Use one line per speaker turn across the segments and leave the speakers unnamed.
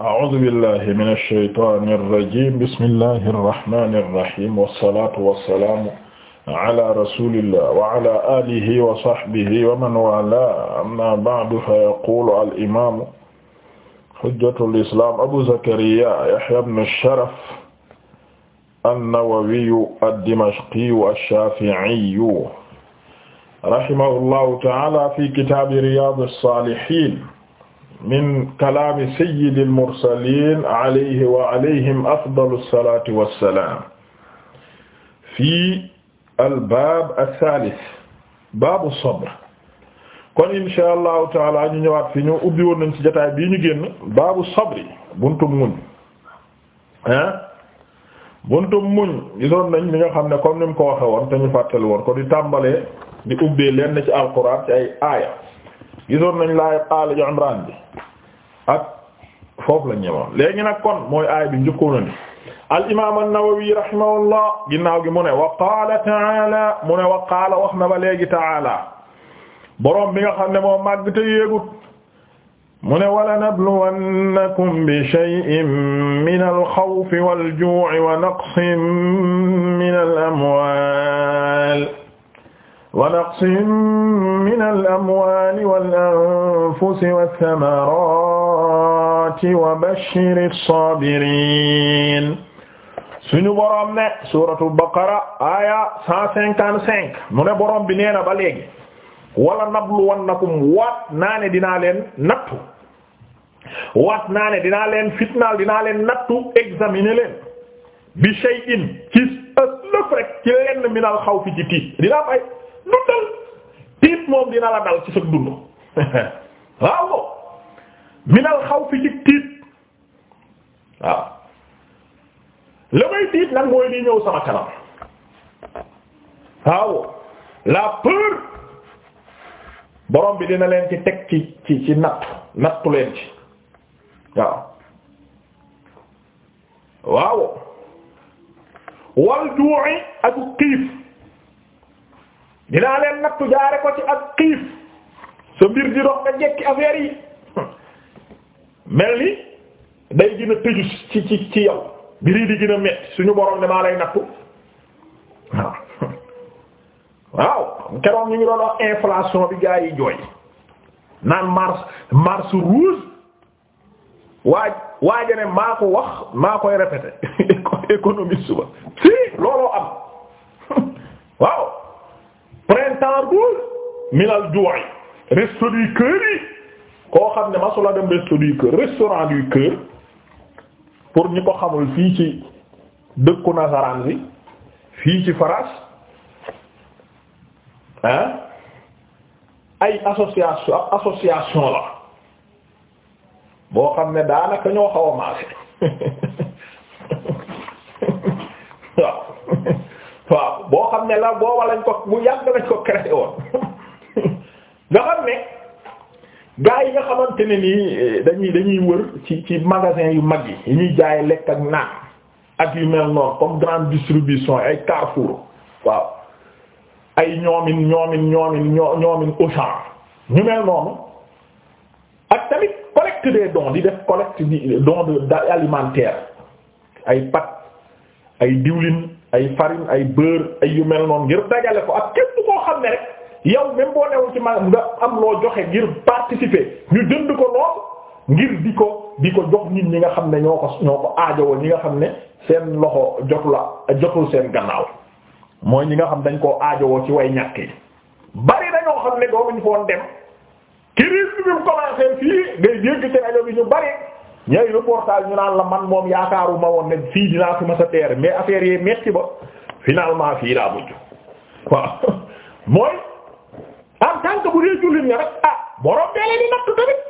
a'uuzu billaahi mina shaytaani rajiim bismillaahi rahmaani rahiim wasalaatu wasalaamu ala rasuulillah wa ala aalihi wa sahbihi wa man waalaahu ammaa ba'du fa yaquulu al-imaamu hujjatul islaam Abu Zakariyaa Yahyaa ibnu Sharaf an-Nawawiyyu ad-Dimashqiyyu ash-Shaafi'iyyu rahimahullaahu ta'aalaa fi kitaabi Riyaadus Saalihiin min kalaami sayyidil mursaliin alayhi wa alayhim afdalu salaati wa salaam fii albaab as-saalis baabu sabr kon insha allahu taala ñu ñëwaat fi ñu ubbi woon nañ ci jotaay bii ñu génn baabu sabri buntum muñ ah buntum muñ gisoon nañ li nga xam ne comme ni mu ko waxe woon te ñu fàttali woon ko di tàmbalee di ubbee leen ci alquran ci ay aaya gisoon nañ laay qaala Imraan bi ak foofu lañ ñëwoon léegi nag kon mooy aay bi njëkkoon ni al imaam an-Nawawi rahimahullah ginnaaw gi mu ne wa qaala ta'aala mu ne wa qaala wax na ba léegi ta'aala boroom bi nga xam ne moo màgg te yéegut mu ne walanabluwannakum bi shay'in min al-xawfi wal-juu'i wa naqsin min al-amwaal wa naqsin minal amwaali wal anfusi wath-thamaraati wa bashshiri s-saabiriin suñu boroom ne suuratul baqara aaya cent cinquante-cinq mu ne boroom bi nee na ba léegi wala nabluwannakum waat naa ne dinaa leen nattu waat naa ne dinaa leen fitnaal dinaa leen nattu examiner leen bi shay'in ci ëllëg rek ci lenn minal xawfi ci tiit dinaa fay dundal tiit moom dina la dal ci sa dund waaw minal xaw fi ci tiit waaw la may tiit nag mooy li ñëw sama kanam waaw la peur borom bi dina leen ci teg ci ci ci natt nattu leen ci waaw waaw wal ju'i ak xiif dinaa leen nattu jaare ko ci ak xiif sa mbir di dox nga jekki affaire yi mel ni day gën tëju ci ci ci yow mbir di gën a metti suñu borom ne maa lay nattu waaw waaw ñu ngi doon wax inflation bi gaa yi jooy naan mars mars rouge waaj ne maa ko wax maa koy répéter économie suba si looloo am waaw printemps rouge minal juwaay resto du cœur yi koo xam ne masula dem resto du cœur restaurant du cœur pour ñi ko xamul fii ci dëkku nasaraan bi fii ci Faras ah ay association association la boo xam ne daanaka ñoo xaw a maase xam ne la booba lañ ko bu yàgg lañ ko créé woon nga xam ne gaa yi nga xamante ni nii eh, dañuy dañuy wër ci ci magasin yu mag yi yu ñuy jaay lekk ak naan ak yu mel noonu comme grande distribution ay Carrefour waaw ay ñoomin ñoomin ñoomin ñoomin ñu mel noonu ak tamit collecte des dons di def collecte di dons de alimentaire ay pat ay diwlin ay farine ay beurre ay yu mel noonu ngir dajale ko ak képp koo xam ne rek yow même boo newul ci ma nga am loo joxe ngir participer ñu jënd ko lool ngir di ko di ko jox nit ñi nga xam ne ñoo ko ñoo ko aajowoo ñi nga xam ne seen loxo jotu la jotul seen gannaaw mooy ñi nga xam dañ koo aajowoo ci way ñàkk yi bari dañoo xam ne doomuñ foon dem crise bi mu commencé fii ngay dégg ci rajo bi ñu bari ñooy reportage ñu naan la man moom yaakaaru woon ne fii dinaa fi ma sa teere mais affaire yi metti ba finalement fii daa mujj waaw mooy en tant bu dee jullit nga rek ah borom dee leen di natt tamit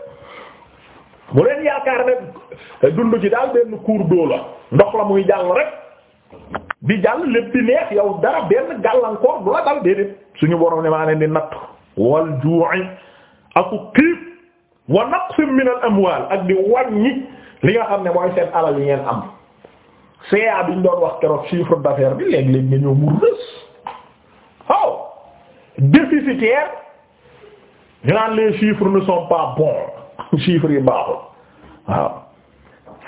bu leen yaakaar ne dund ci daal benn cours d'eau ndox la muy jàll rek di jàll lépp neex yow dara benn gàllankoor bu la dal déedéet suñu borom ne maa leen di natt wal ju'i aku xiif wa naqsim min al amwal ak di wàññi li nga xam ne mooy seen alal yi ngeen am CA bi ñu doon wax keroog chiffre d'affaires bi léeg-léeg nga ñëw mu rës waaw oh! déficitaire ñu naan les chiffres ne sont pas bons chiffres yi baaxul waaw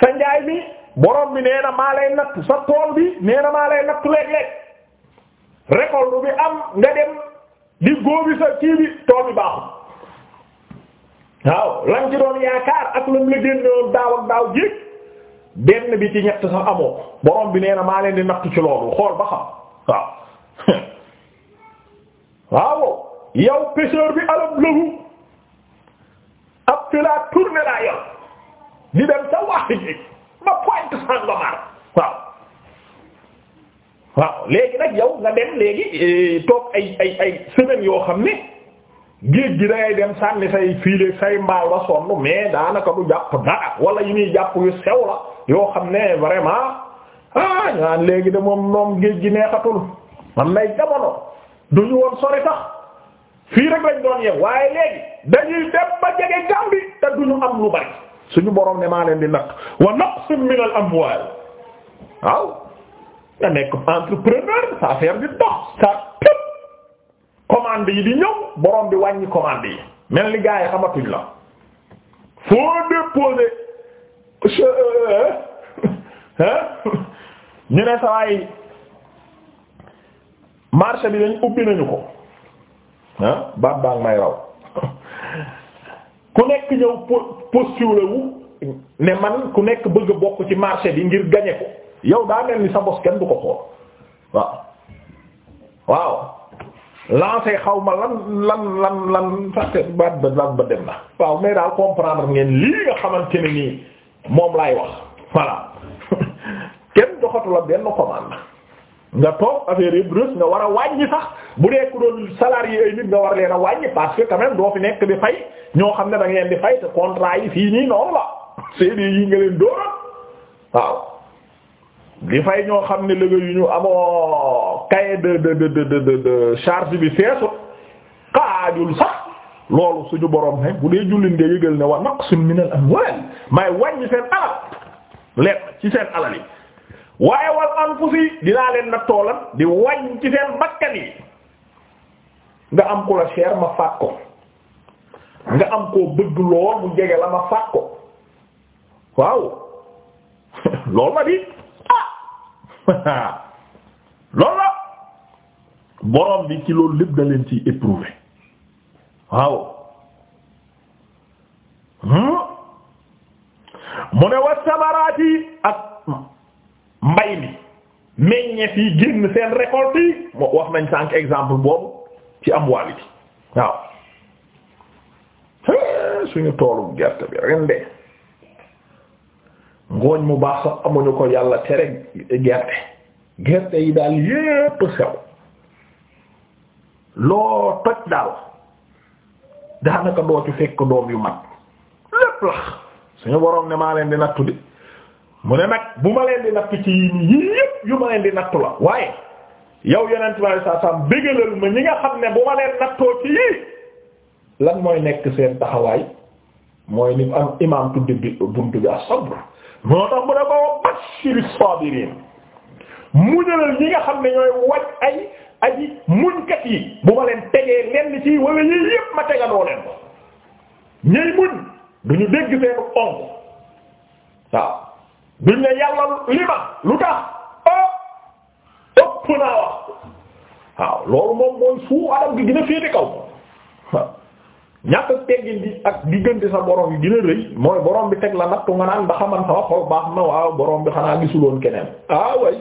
sa njaay bi borom bi nee na maa lay natt sa tool bi nee na maa lay natt léeg-léeg récolte bi am nga dem di góobi sa kii tool bi baaxul waaw lañ ci doon yaakaar ak lam la génnoon daaw ak daaw jéeg benn bi ci ñett sax amoo borom bi nee na maa leen di natt ci loolu xool ba xam waaw waaw bi alam léegi nag yow nga dem léegi eh, toog ay ay ay semaines yoo xam ni géej gi dangay dem sànni say fiile say mbaal la sonn mais daanaka du jàpp dara wala yi ñuy jàpp yu sew la yoo xam ne vraiment ah ñu léegi de moom moom géej gi neexatul man nay jamono du ñu woon sori tax fii rek lañ doon yem waaye léegi dañuy dem ba jege Gàmbi te du ñu am lu bari suñu borom ne maa leen di naq wa naqsin min al amwal waaw nga nekk entrepreneur sa affaire di dox sa commande yi di ñëw borom bi wàññi commande yi mel ni gaa yi xamatuñ la foo déposer euh, euh, euh, ñu ne sawaay marché bi dañ ubbi nañu ko ah baat baa may raw ku nekk ñëw postulé wu ne man ku nekk bëgg bokk ci marché bi ngir gañe ko yow daa mel ni sa bos kenn du ko xool waaw waaw lancé xaw ma lan lan lan lan fàtte baat ba ba dem na waaw mais daal comprendre ngeen lii nga xamante ne nii moom lay wax voilà kenn joxatu la benn commande nga toog affaire yëpp rës nga war a wàññi sax bu dee ku doon salarié ay nit nga war leen a wàññi parce que quand doo fi nekk di fay ñoo xam ne da ngeen di fay te contrat yi fii nii noonu la CD yi nga leen dóoral waaw di fay ñoo xam ne liggéey yu ñu amoo. cahier de de de de de de charge bi feesut xaajul sax loolu suñu borom ne bu dee jullit nga yëgal ne wa naqsun min al amwal may wàññi seen alal leen ci seen alal yi waaye wal anfusi dinaa leen na toolan di wàññ ci seen bakkan yi nga am ku la cher ma faat ko nga am koo bëgg lool mu jege la ma faat ko waaw loolu ma di ah loolu la borom bi ci loolu lépp da leen ciy éprouver waaw hmm? mu ne wa samaraati ak mbay mi meññeef yi génn seen récolte yi moo wax nañ sànq exemple boobu ci am waali bi waaw suñu toolu gerte bi ren ngooñ mu baax sax amuñu ko yàlla tere gerte gerte yi daal yépp sew loo toj daal daanaka doo ci fekk doom yu mag lépp lax suñu boroom ne maa leen di nattu di mu ne nag bu ma leen di nattu ci yii yépp yu ma leen di nattu la waaye yow yeneen ci wàllu saa saam bégalal ma ñi nga xam ne bu ma leen nattoo ci yii lan mooy nekk seen taxawaay mooy ni am imaam tuddi bi buntu bi as-sabr moo tax mu ne ko bashiri sabirin muñalal ñi nga xam ne ñooy waj ay. aji muñkat yi bu ma leen tegee lenn ci wala yii yépp ma tegaloo leen ko ñëy muñ duñu dégg seenu onk waaw duñ ne yàlla li ma lu tax o oh! ëpp naa wax waaw loolu moom mooy fu adam gi gën a féete kaw ñàkk ak teggin bi ak diggante sa borom yi gën a rëy mooy borom bi teg la nattu nga naan ba xaman sama xol baax na waaw borom bi xanaa gisuloon keneen ah way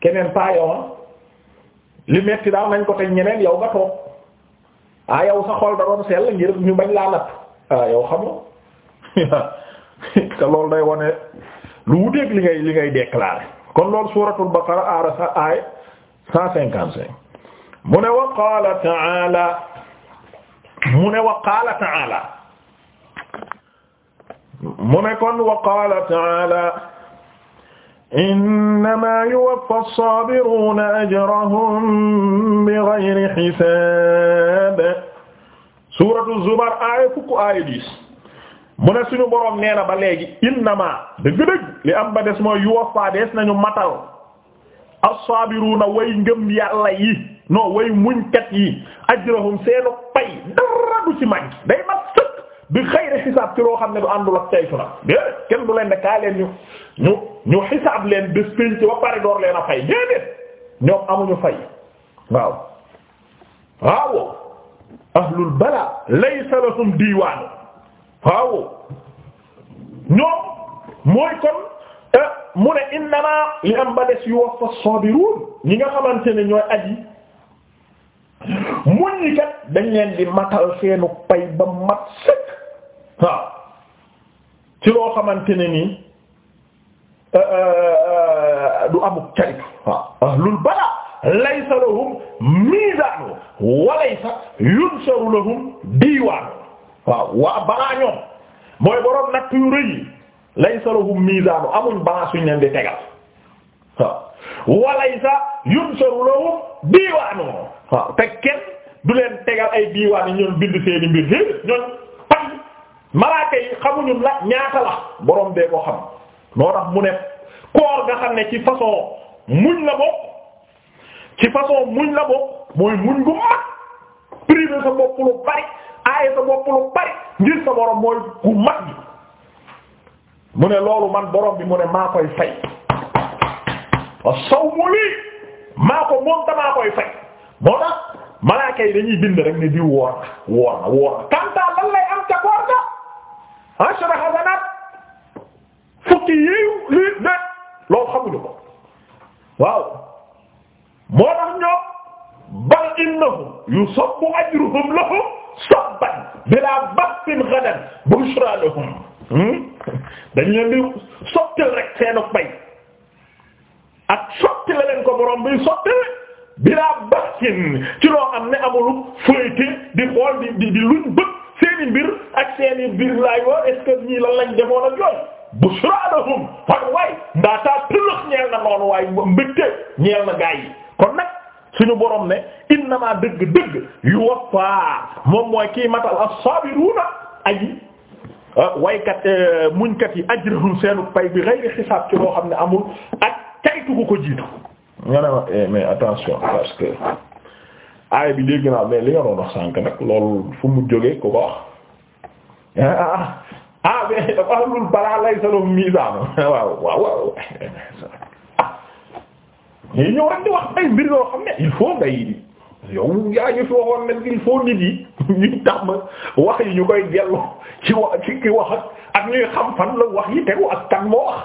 keneen paayoon li metti daal nañ ko teg ñeneen yow nga toog ah yow sa xol da doon sell ngir ñu bañ laa natt ah yow xam nga day wane lu wuteeg li ngay li ngay déclarer kon loolu suuratul baqara aara sa aay cent cinquante cinq mu ne wa qaala ta'ala mu ne wa qaala ta'ala mu ne kon wa qaala ta'ala innama yuwaffa as-saabiruna ajrahum bighayri hisaab suuratu zumar aaya fukk aaya diis mu ne suñu boroom nee na ba léegi innama dëgg-dëgg li am ba des mooy yuwaffa des nañu matal as-saabiruna way ngëm yàlla yi non way muñkat yi ajrahum seenu pay dara du ci màgg day mat sëkk bi xayri xisaab ci loo xam ne du àndul ak caytu na kenn du leen ne kaa leen ñu ñu ñu xisaab leen bés pénc ba pare door leen a fay déedéet ñoom amuñu fay waaw waaw ahlul bala laysa lahum diiwaan waaw ñoom kon eh, mu ne innama li am ba des yuwaffa as ñi nga xamante ne ñooy aji muñ ñi kat dañ leen di matal seenu pay ba mat sëkk waaw ci loo xamante ne nii Euh, euh, euh, du amuk caritu waaw ahlul bala laysa lahum mizaanu wa laysa yunsaru lahum diiwaanu waaw waa balaa ñoom mooy boroom natt yu rëy yi laysa lahum mizaanu amuñ balaa suñ leen di tegal waaw yunsaru lahum diiwaanu waaw te kenn du leen tegal ay diiwaan yi ñoom bind seeni mbir ñoom pam malaaka yi xamuñu la ñaata la boroom bee ko xam moo tax mu ne koor nga xam ne ci façon muñ la bokk ci façon muñ la bokk mooy muñ gu mag privé sa bari aaye sa bopp bari ngir sa borom mooy gu mag mu ne loolu man borom bi mu ne maa koy fay wa sawmu lii maa ko moom damaa koy fay moo tax malaaka yi dañuy bind rek ne di woor na na woor na kanta lan lay am ca koor ga ashra hasanat ci yiw lii de loolu xamuñu ko waaw moo tax ñoo bal innahum yusabbu ajruhum lahum sabban bila ba'sin ghadan bushra lahum hmm? dañ leen di sottil rek seenu bay ak sotti la leen ko boroom bi sotti bilaa baxsin ci loo xam ne amul fëyte di xool di di di luñ bëgg seeni mbir ak seeni mbir laay wax est-ce lañ defoon ak yooyu bushraanahum kon waay ndaataa tëlëx ñeel na noonu waay mbégte ñeel na gaa yi kon nag suñu borom ne innama dëgg-dëgg yuwaffa moom mooy kii matal as ay ah, waykat eh, muñkat yi ajrahum seenu pay bi ghayri hisaab ci loo xam ne amul ak caytu ko ko jiitu. nga ne eh, mais attention parce aay bi dégg naa mais li nga doon sànk nag loolu fu mu jógee ko ko wax ah, ah, mais dafa ahlul balaa lay sa lahum miizaan waaw waaw waaw ñii ñëw rek di wax ay mbir yoo xam ne il faut ngay yow yaa ñu fi waxoon ne il faut nit yi ñuy tax ma wax yi ñu koy dellu ci wax ci ki wax ak ñuy xam fan la wax yi tegu ak kan moo wax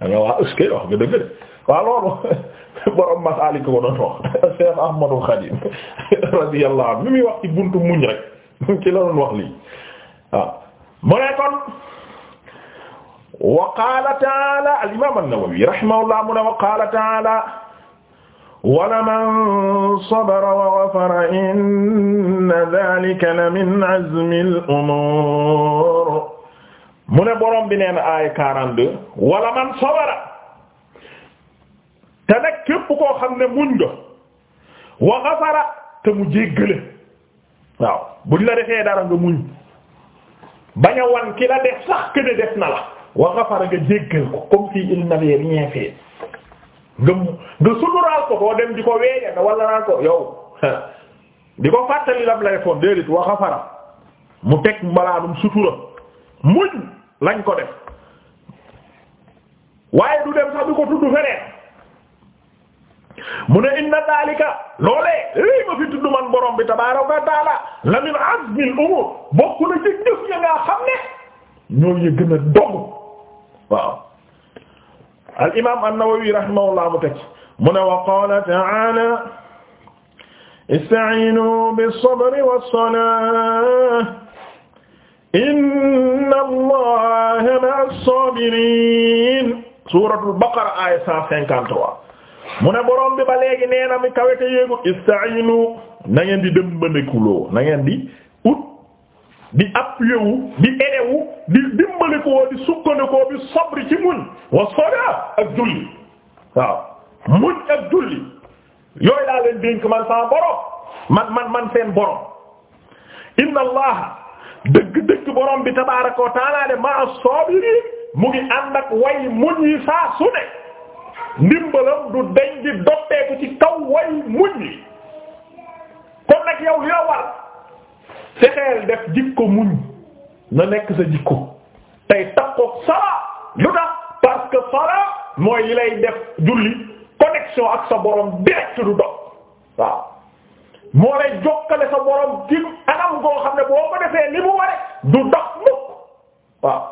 danga waa est-ce que wax nga dëgg de waaw loolu borom masaalik ko doon wax Cheikh Ahmadou Khadim radiyallahu anhu mi muy wax ci buntu muñ rek ci la doon wax lii waaw mu ne kon wa qaala taala al imaam an-Nawawi rahimahullah mu ne wa qaala taala walaman sabara wa ghafara inna dhaalika la min azmil umuur mu ne borom bi nee na aaya 42 wala man sabara te nag képp koo xam ne muñ nga wa ghafara te mu jéggale waaw buñ la defee dara nga muñ bañ a wan ki la def sax ke ne def na la wa ghafara nga jéggal ko comme si il n'avait rien fait nga suturaal ko boo dem di ko weeye da wala naan ko yow di ko fàttali lam lay foon déedéet wa ghafara mu teg malaanum sutura muñ lañ ko def waaye du dem sax du ko tudd feneen mu ne inna daalika loolee lii ma fi tudd man borom bi tabaaraka wa taala la min azmil umur bokk na ci jëf nga xam ne ñoo yë gën dog waaw al imaam an-Nawawi rahimahullah mu teg mu ne wa qaala ta'aala ista'iinu bis-sabri was-salaati inna allaha ma'as-saabiriin suuratul baqara aaya 153 mu ne borom bi ba léegi nee na mi kawete yéegu ista'iinu na ngeen di dëmbandekuloo na ngeen di ut di appuyé wu di aidé di dimbali di sukkandikoo bi sabri ci muñ wa sala ak julli muñ ak julli yooyu laa leen dénk man sama borom man man man seen borom inna allah dëgg-dëgg borom bi tabaaraka wa taala de ma as-saabiriin mu ngi ànd ak muñ yi saa su ndimbalam du deñ di ci kaw way muñ yi kon nag yow li fexeel def jikko muñ na nekk sa jikko tey takkook salaa lu tax parce que salaa mooy lay def julli connexion ak sa borom direct du dox waaw moo lay jokkale sa borom ci anam goo xam ne boo ko defee li mu ware du dox mukk waaw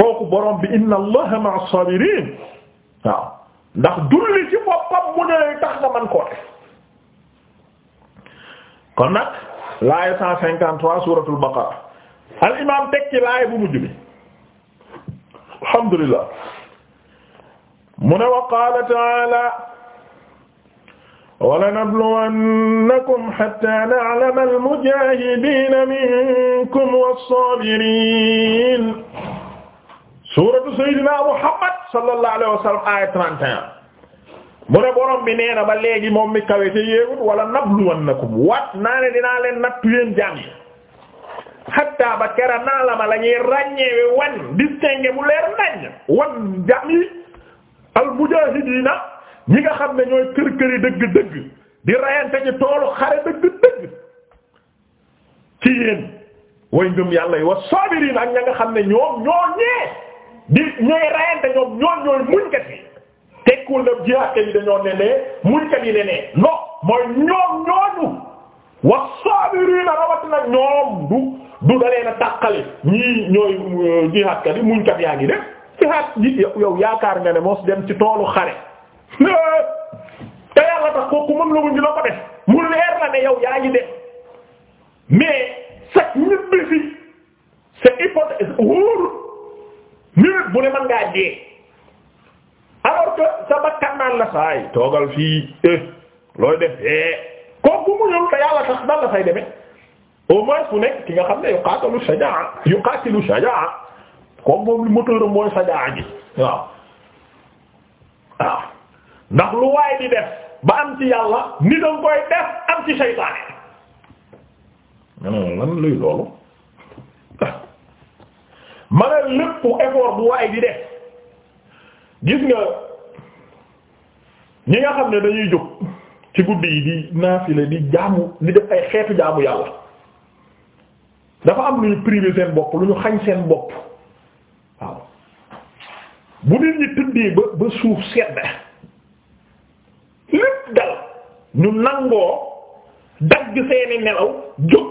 kooku borom bi inna allaha ma'a sabirin waaw ndax julli ci boppam mu ne lay tax nga man koo def kon nag laaya cent cinquante trois suuratul baqara al imaam teg ci laaya bu mujj bi alhamdulillah mu ne wa qaala ta'aala walanabluwannakum hatta na'lama al-mujaahidiina minkum was-saabiriin suuratu sayyidinaa Muhammad sallallahu alayhi wa sallam aaya 31 mu ne borom bi nee na ba léegi moom mi kawe te yéegut wala nabluwannakum wat naa ne dinaa leen nattu yéen jaam yi hatta ba kera naa la ma la ñuy ràññeewe wan distingué bu leer nañ wan jaam yi al mujahidiina ñi nga xam ne ñooy kër këri dëgg-dëgg di rayante ci toolu xare dëgg-dëgg ci yéen way ngëm yàlla yi wa saabiriin ak ña nga xam ne ñoom ñoo ñee di ñooy rayante ñoom ñoom ñooy muñkat yi nekkul ne jihaat yi dañoo ne nee muñkat yi ne nee mooy ñoom ñooñu wa sabirina rawatina ñoom du du dalee na tàqale ñii ñooy euh, jihaatkat yi muñkat yaa ngi def jihaat ji yaakaar nga ne mos dem ci toolu xare te yàlla tax kooku mën la muñ la ko def mu leer la ne yow yaa ngi def mais sax ñibbi si c'est hypothèse wóor minute bu ne mën ngaa dee que sa bakkan naan la saay toogal fii eh, looy def eh kooku mu ñëw te yàlla tax la say demee au moins fu ki nga xam ne yuqaatilu shajaa yuqaatilu shajaa kooku moom li moteur mooy shajaa gi waaw waaw ndax lu waay di def ba am ci yàlla ni danga koy def am ci seytaane lan luy loolu ma ne lépp effort bu waay di def gis nga. ñi nga xam ne dañuy jóg ci guddi yi di naafile di jaamu di def ay xeetu jaamu yàlla dafa am lu ñu privé seen bopp lu ñu xañ seen bopp waaw bu nit ñi tëddee ba ba suuf sedd lépp dal ñu nangoo dagg seeni nelaw jóg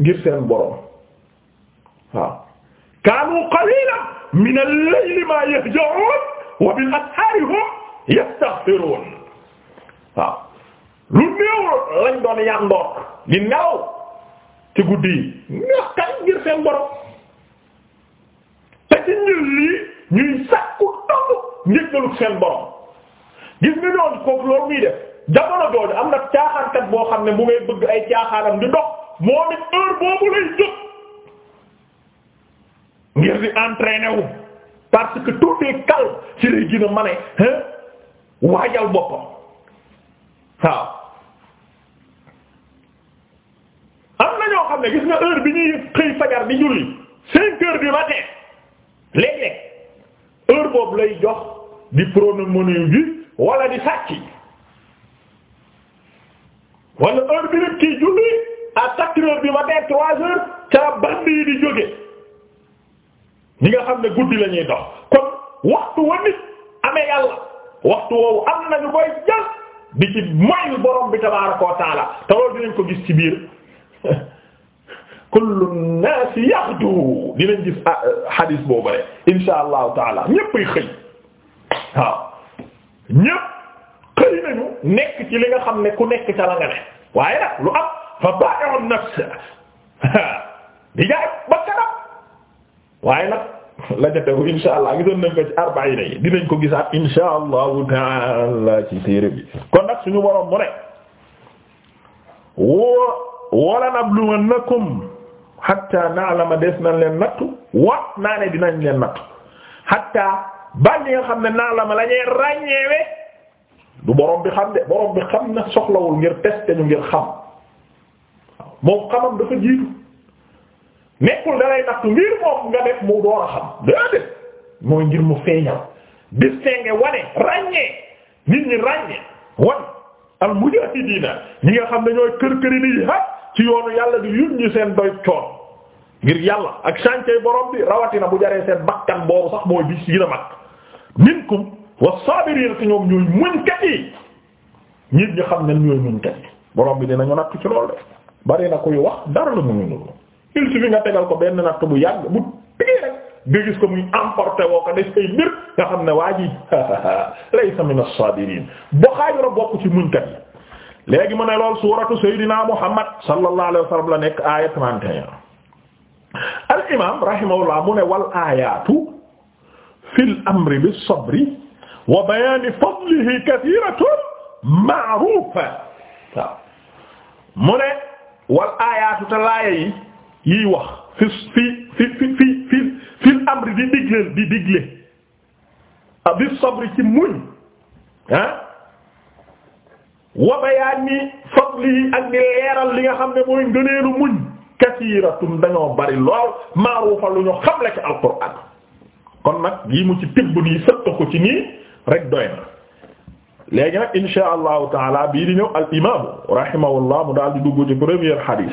ngir seen borom waaw kaanu qalilan min al-layli ma yahja'un wa bil ashaari hum yastaghfirun waaw lu néew lañ doon yandoor di nelaw ci guddi yi ñax kan ngir seen borom te ci ñun lii ñuy sakku toog njëkkalug seen borom gis nga ñooñu kooku loolu muy def jamono jooju am na caaxaankat boo xam ne mu ngay bëgg ay caaxaanam di dox moo nit heure boobu lay jóg ngir di entraîner parce que tout est ci lay gën mane hein waajal boppam waaw am na ñoo xam ne gis nga heure bi ñuy xëy fajar di julli cinq heures du matin léeg-léeg heure boobu lay jox di pronomoniw bi wala di sàcc wala heure bi nit kiy julli à quatre heures du matin trois heures ca band yi di jóge ñi nga xam ne guddi la ñuy dox kon waxtu wa nit amee yàlla waxtu woowu am na ñu koy jël di ci moy borom bi tabaaraka wa taala te loolu dinañ ko gis ci biir kullu naasi yaxdu dinañ gis hadis ah, euh, boobu rek insha allahu taala ñéppay xëy waaw ñépp xëy nañu nekk ci li nga xam ne ku nekk ca la nga ne waaye nag lu am fa ba'i'un nafs di jaay ba kanam waaye nag la ca tegu insha allah gisoon nañ ko ci arbaina yi dinañ ko gisaat insha allahu taala ci téere bi kon nag suñu boroom mu ne woo wala nabluwannakum hatta na'lama des nañ leen nattu wa naa ne dinañ leen nattu hatta ba li nga xam ne na'lama la ñuy ràññeewe du boroom bi xam de boroom bi xam na soxlawul ngir tester ñu ngir xam moom xamam dafa nekkul da lay nattu ngir moom nga def mu door a xam déedéet mooy ngir mu feeñal distinguer wane ràññee nit ñi ràññee wan al mujaahidiina ñi nga xam ne ñooy kër këri nii ha yàlla di seen doy coon ngir yàlla ak chantier borom bi rawatina bu jaree seen bakkan boobu sax mooy bis yi na mag minkum was-saabiriina te ñoom ñooy muñkat yi nit ñi xam ne ñooy muñkat yi borom bi dinañu natt ci lool de bari na koy wax dara la mu ñu il suffit nga tegal ko benn natt bu yàgg bu tëgee rek nga gis ko muy emporté woo ko def ay mbir nga xam ne waa ji laysa min as-saabiriin boxaaju la bokk ci muñkat yi. léegi mu ne lool suuratu Seydina Muhammad sallallahu alayhi wa sallam la nekk aaya 31 al imaam rahimahullah mu ne wal aayaatu fil amri bis sabri wa yiy wax fi fi fi fi fi fi fil amri di digleel di digle ah, bi sabri ci muñ ah wa bayaani fadli ak di leeral li nga xam ne mooy ngëneelu muñ kasiiratun dañoo bari lool maaruufa lu ñu xamle ci alquran kon nag gi mu ci tibb nii sëq ko ci nii rek doy na léegi nag insha allahu taala bii di ñëw mu daal di dugg ci premier hadith